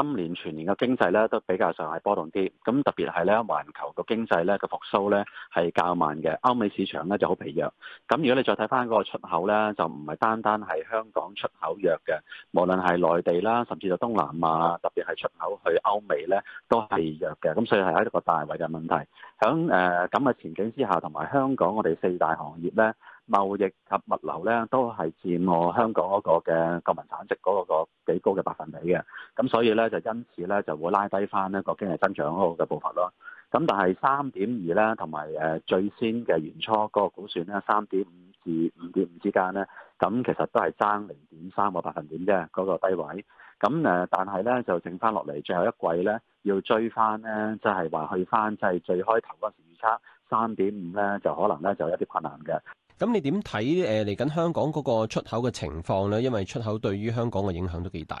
今年全年嘅經濟咧都比較上係波動啲，咁特別係咧，環球個經濟咧嘅復甦咧係較慢嘅，歐美市場咧就好疲弱。咁如果你再睇翻嗰個出口咧，就唔係單單係香港出口弱嘅，無論係內地啦，甚至到東南亞，特別係出口去歐美咧都係弱嘅。咁所以係喺一個大圍嘅問題。響誒咁嘅前景之下，同埋香港我哋四大行業咧，貿易及物流咧都係佔我香港嗰個嘅國民產值嗰個那個幾高嘅百分比嘅。咁所以咧，就因此咧，就會拉低翻咧個經濟增長嗰個嘅步伐咯。咁但係三點二咧，同埋誒最先嘅年初嗰個估算咧，三點五至五點五之間咧，咁其實都係爭零點三個百分點啫。嗰個低位咁誒，但係咧就剩翻落嚟，最後一季咧要追翻咧，即係話去翻即係最開頭嗰時預測三點五咧，就可能咧就有啲困難嘅。咁你點睇誒嚟緊香港嗰個出口嘅情況咧？因為出口對於香港嘅影響都幾大。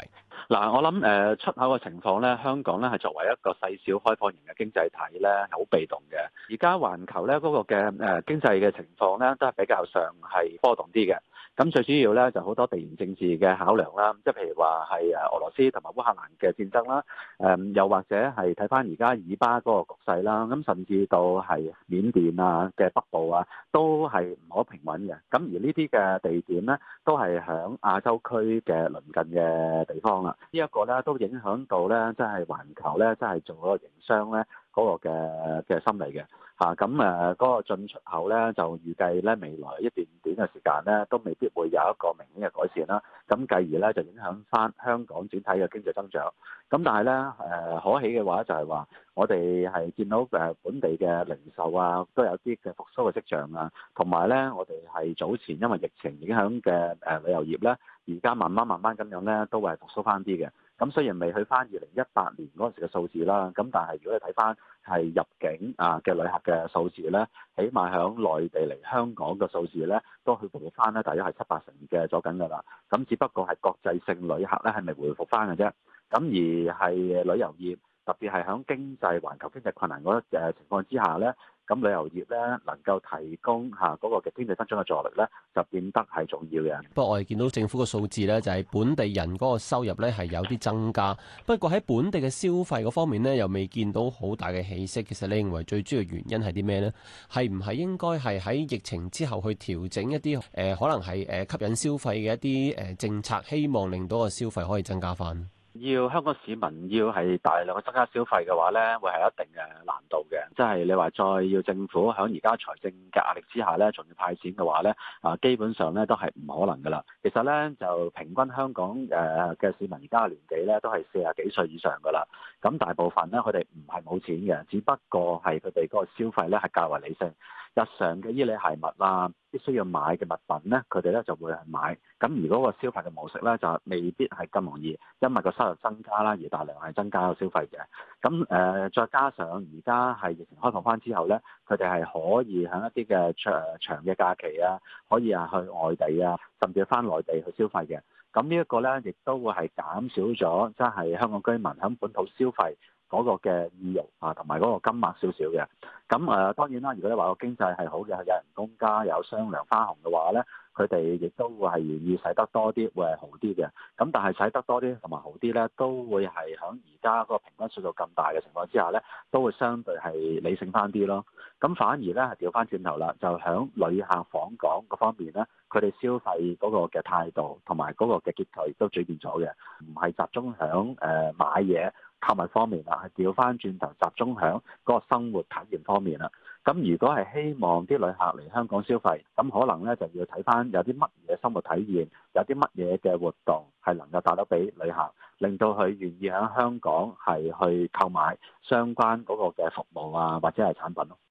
嗱，我諗誒出口嘅情況咧，香港咧係作為一個細小開放型嘅經濟體咧，係好被動嘅。而家環球咧嗰個嘅誒、呃、經濟嘅情況咧，都係比較上係波動啲嘅。咁最主要咧就好、是、多地緣政治嘅考量啦，即係譬如話係誒俄羅斯同埋烏克蘭嘅戰爭啦，誒、呃、又或者係睇翻而家以巴嗰個局勢啦，咁甚至到係緬甸啊嘅北部啊，都係唔可平穩嘅。咁而呢啲嘅地點咧，都係喺亞洲區嘅鄰近嘅地方啦。這個、呢一個咧都影響到咧，即係環球咧，即係做嗰個營商咧嗰、那個嘅嘅心理嘅嚇。咁誒嗰個進出口咧就預計咧未來一段。嘅時間咧，都未必會有一個明顯嘅改善啦。咁繼而咧，就影響翻香港整體嘅經濟增長。咁但係咧，誒可喜嘅話就係話，我哋係見到誒本地嘅零售啊，都有啲嘅復甦嘅跡象啊。同埋咧，我哋係早前因為疫情影響嘅誒旅遊業咧，而家慢慢慢慢咁樣咧，都會係復甦翻啲嘅。咁雖然未去翻二零一八年嗰陣時嘅數字啦，咁但係如果你睇翻係入境啊嘅旅客嘅數字呢，起碼響內地嚟香港嘅數字呢，都去回復翻啦，大約係七八成嘅左緊㗎啦。咁只不過係國際性旅客呢，係未回復翻嘅啫。咁而係旅遊業，特別係響經濟、環球經濟困難嗰誒情況之下呢。咁旅遊業咧能夠提供吓嗰個嘅經濟增長嘅助力咧，就變得係重要嘅。不過我哋見到政府嘅數字咧，就係、是、本地人嗰個收入咧係有啲增加，不過喺本地嘅消費嗰方面咧又未見到好大嘅起色。其實你認為最主要原因係啲咩咧？係唔係應該係喺疫情之後去調整一啲誒、呃、可能係誒吸引消費嘅一啲誒政策，希望令到個消費可以增加返？要香港市民要係大量增加消費嘅話呢，會係一定嘅難度嘅。即係你話再要政府喺而家財政嘅壓力之下呢，仲要派錢嘅話呢，啊，基本上呢都係唔可能噶啦。其實呢，就平均香港誒嘅市民而家嘅年紀呢，都係四十幾歲以上噶啦。咁大部分呢，佢哋唔係冇錢嘅，只不過係佢哋嗰個消費呢，係較為理性。日常嘅衣履鞋物啦、啊，必須要買嘅物品呢，佢哋呢就會去買。咁如果個消費嘅模式呢，就未必係咁容易，因為個收入增加啦，而大量係增加個消費嘅。咁誒、呃，再加上而家係疫情開放翻之後呢，佢哋係可以喺一啲嘅長長嘅假期啊，可以啊去外地啊，甚至去翻內地去消費嘅。咁呢一個呢，亦都會係減少咗，即係香港居民喺本土消費。嗰個嘅意欲啊，同埋嗰個金額少少嘅。咁誒當然啦，如果你話個經濟係好嘅，有人工加有雙糧、花紅嘅話咧，佢哋亦都會係願意使得多啲，會係好啲嘅。咁但係使得多啲同埋好啲咧，都會係喺而家個平均數度咁大嘅情況之下咧，都會相對係理性翻啲咯。咁反而咧係調翻轉頭啦，就喺旅客訪港嗰方面咧，佢哋消費嗰個嘅態度同埋嗰個嘅結構亦都轉變咗嘅，唔係集中喺誒買嘢。購物方面啦，係調翻轉頭集中喺嗰個生活體驗方面啦。咁如果係希望啲旅客嚟香港消費，咁可能咧就要睇翻有啲乜嘢生活體驗，有啲乜嘢嘅活動係能夠達到俾旅客，令到佢願意喺香港係去購買相關嗰個嘅服務啊，或者係產品咯啊。